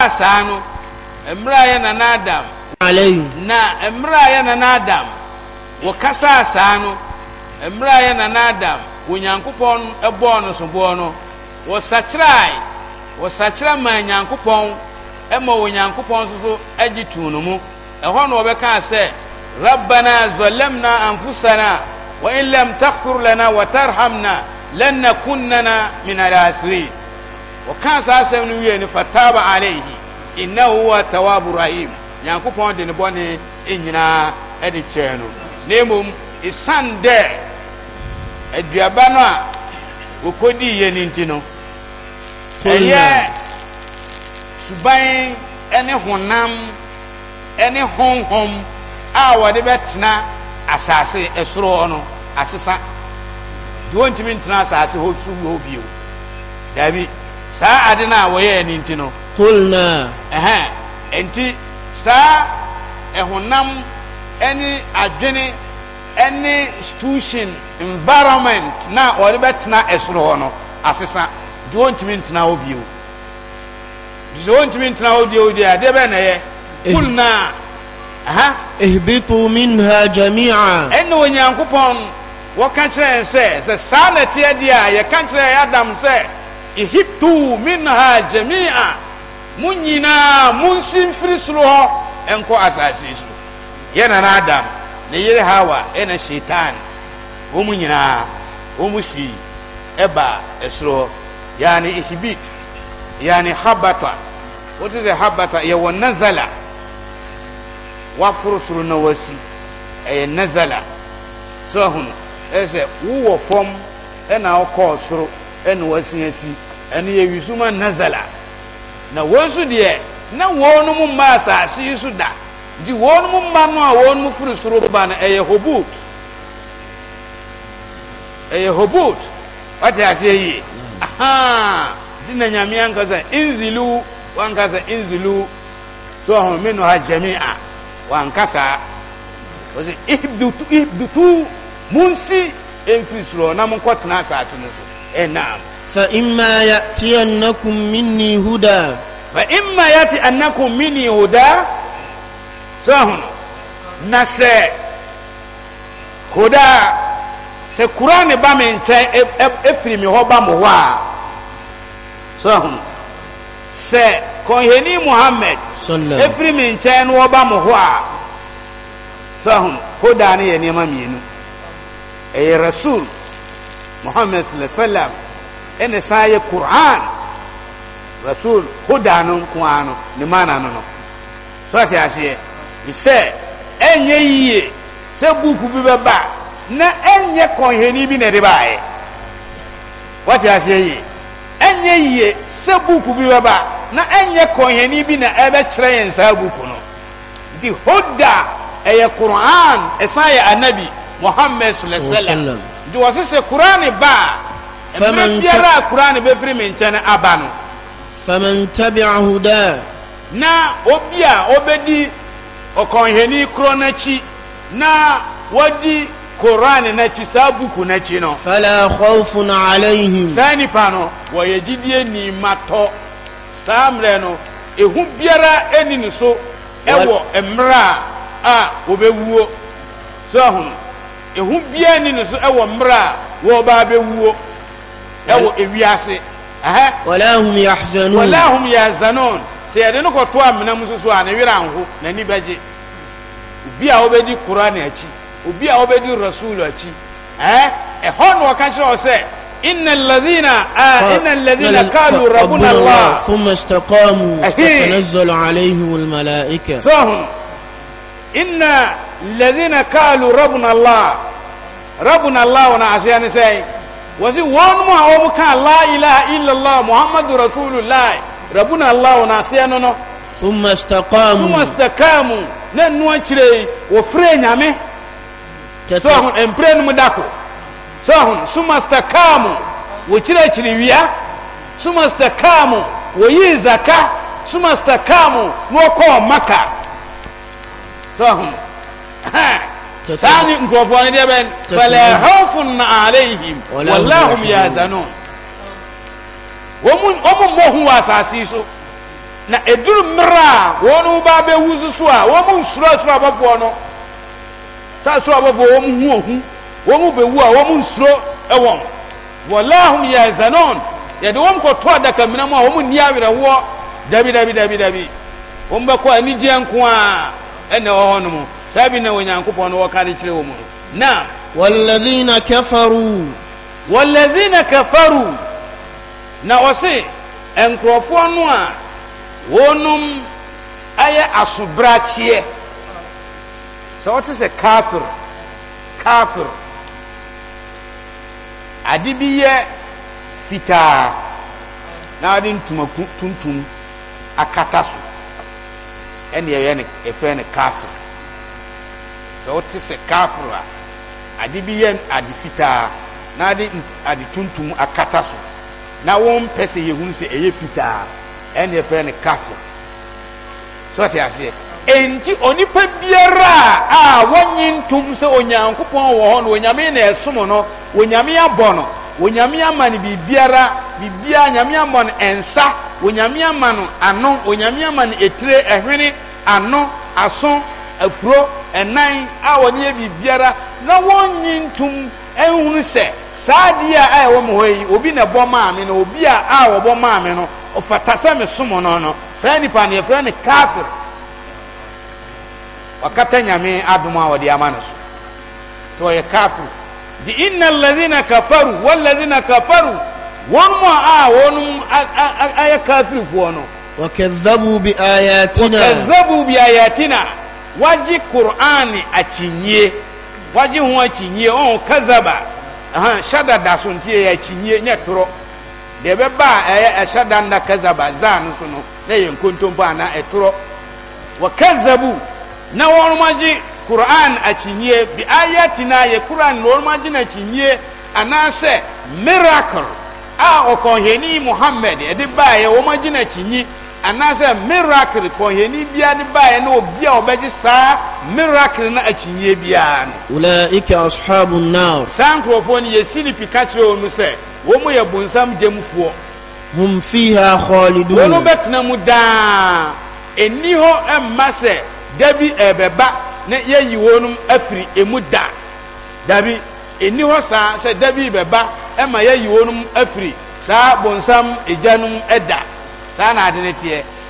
mmerɛ a yɛnan adamna mmerɛ a yɛ nan adam wɔ kasaa saa nommer a yɛ nan' adam wo nyankopɔn ɛbɔɔ no soboɔ no wɔsakyerɛe wɔsakyerɛ ma nyankopɔn ma wo nyankopɔn soso agye to no mu ɛhɔ no wɔbɛkaa sɛ rabana zɔlamna amfusana wa inlam tahforu lana watarhamna lɛnnakunnana min alasrin wɔkaa saa asɛm no wie no fataba alaihi innahu huwa tawabu rahim nyankopɔn de ne bɔne nyinaa de kyɛɛ no na mmom ɛsiane dɛ aduaba no a wɔkɔdiiɛ no nti no ɛyɛ suban ne honam ne honhom a wɔde bɛtena asase ɛsoro no asesa nti wɔntumi ntena asase hɔ so wɔ bio daabi saa ade no a wɔyɛɛ no nti no kulna ɛhɛ nti saa ɛhonam ɛne adwene ɛne institution environment na ɔde bɛtena ɛsoro hɔ no asesa de ntumi ntena hɔ bio sɛ wɔntumi ntena hɔ bio deɛ adeɛ bɛɛ na ɛyɛ kulna eh. aha ihbitu minha jami'a ɛnna onyankopɔn wɔka kyerɛ sɛ sɛ saa na ɛteɛ deɛ a yɛka kyerɛ adam sɛ ihibtu minha jamia mo nyinaa monsimfiri soroɔ ɛnkɔ asase suro yɛnanadam na yer hawa ɛna sheitan wo mu nyinaa womu si ɛba a suroɔ yaane ihibit yaane habata wote sɛ habata yɛwɔ nasala woaforo soro na waasi ɛyɛ nasala so ahunu ɛɛ sɛ wowɔ fɔm ɛna wo kɔɔ soro ɛna woasin asi ɛno yɛ wisuma nazala na wɔn nso deɛ na wɔn mu mma asase yi so da nti wɔn mu mma no a wɔn mu firi soro ba no ɛyɛ hobot ɛyɛ hobot wate aseɛ yie mm. nti na nyame ankasa nzilu wankasa nzilu so ɔhun mi no ha jami'a wankasa wɔsi ihdutu ihdutu munsi efiri soro na mo nkɔ tena asase no so. namfa ima yaatiannakom menni hodaa sa hono na sɛ hodaa sɛ kora ne ba me nkyɛn ɛfiri me hɔ ba mo hɔ a sa ahono sɛ kɔnhɛni mohamad ɛfiri mi nkyɛn no wɔba mo hɔ a sa ahono hodaa ne yɛ nnoɔma mmienu ɛyɛ rasul muhamd s salam ɛnɛ sane yɛ quran rasul hoda no nkoar no nemana no no sɛ ateɛ aseɛ bisɛ ɛyɛ yiye sɛ buuku bi bɛba na ɛnyɛ kɔnhɛni bi na ɛde baaɛ wateɛ aseɛ yi ɛnyɛ yie sɛ buuku bi bɛba na ɛyɛ kɔnhɛni bi na ɛbɛkyerɛ yɛ nsaa buuku no nti hoda ɛyɛ quran ɛsan yɛ annabi muhammed sọlẹsẹlẹ nti wọ́n sẹ kurani ba mmerɛ biara kurani bɛ firi mi nkyɛn aba no. faman tabi'a huda. na obi a obedi ɔkɔnhɛni korɔ n'akyi na wadi kurani n'akyi saa buku n'akyi no. fala khawfun alayhim. saa nipa no wɔyɛ gyidie nimatɔ saa mmerɛ no ehu biara ɛni ne so ɛwɔ mmerɛ a obɛwuo so ɛho biara ni ne so ɛwɔ mmerɛ a wɔba abɛwuo ɛwɔ ewiase ɛhɛ. wɔlahum yahzanun. wɔlahum yahzanun sɛ yɛde no kɔto amena mu soso a ne werɛ anho n'ani bɛgye obi a wɔbɛdi koraa na akyi obi a wɔbɛdi rasul akyi ɛhɛ ɛhɔ na wɔka kyerɛ wɔ sɛ إن الذين آه إن الذين قالوا ربنا الله ثم استقاموا تتنزل عليهم الملائكة صح إن الذين قالوا ربنا الله rabuna llah na aseɛ no sɛe wɔsi wɔnom a wɔm ka lailaha ilalah muhamadu rasululahi rabuna llah n aseɛ no nom stakamu na noa kyeree wɔ frɛ nyame mpre nom dako sh suma stakam wɔ kyirekyiri wia sum stakam wɔyii zaka suma stakamu na wɔkɔɔ maka s tani nkurɔfoɔ no deɛ bɛn fala hawfun alaihim wala hum yahzanun wɔn mmɔ hu wɔ asase yi so na ɛduru mmerɛ a wɔn ba bɛwu so so a wɔn nsuro asuro abɔfoɔ no saa asuro abɔfoɔ wɔn hu ohu wɔn bɛwu a wɔn nsuro ɛwɔn wala hum yahzanun yɛde wɔn kɔtɔ adakamina mu a wɔn nni awerɛhoɔ dabi dabi dabi dabi ɛna abi ne onyankopɔn no wɔka de kyerɛ wɔ mu o nawalazina kafaruu na ɔse nkurɔfoɔ no a wɔnom ayɛ asobra kyeɛ sɛ wɔte sɛ kafer kafer ade bi yɛ fitaa na wɔde ntumatuntum akata so ɛneɛeɛfrɛɛ ne kafer sɛ wote sɛ kapro a ade bi yɛ ade fitaa na ade ade tuntum akata so na wɔn pɛ sɛ yɛhunu sɛ ɛyɛ fitaa ɛna yɛfrɛ no kapro so aseɛ enti onipa biara a wɔnyi ntom sɛ onyankopɔn wɔ hɔ no onyame na ɛsom no onyame abɔ no onyame ama no biribiara biribiara nyame ama no nsa onyame ama no ano onyame ama no etire ɛhwene ano aso afuro ɛnan a wɔde a birbiara na wɔnye ntom nhunu sɛ saa dei a a wɔ me hɔ yi obi ne bɔ maame no obi a a wɔbɔ maame no ɔfata sɛ me somo no no saa nnipa no afrɛ ne kafir ɔkata nyame adomɔ a wɔde ama no so nti ɔyɛ kafir te inna alladina kafaru waladhina kafaru wɔnom a a wɔnom ayɛ kafirifoɔ nodabu bi ayatina waji qur'ani a cinye waji huwa cinye on kazaba ha shada da sun tie ya cinye ne turo da be ba a eh, eh, shada nda kazaba zanu sunu ne yin kuntun ba na e eh, turo kazabu na wani maji qur'an a cinye bi ayatina ya qur'an wani maji na cinye anase miracle a okonheni muhammad edi ba ya wani maji na cinye anaasɛ miracle kɔnhɛni biara ne baeɛ na obi a ɔbɛgye saa miracle na akyinnyɛ biara no. ulaika ashabu nnar. saa nkurɔfoɔ no yɛsi ne pika kyerɛ wɔn sɛ wɔn yɛ bonsam gyamfoɔ. hum fiha khalidun. wɔn bɛtena mu daa ɛni hɔ ɛmma sɛ dabi ɛbɛba na yɛyi wɔn afiri emu da dabi ɛni hɔ saa sɛ dabi bɛba ɛma yɛyi wɔn afiri saa bonsam egyanom ɛda. سندنت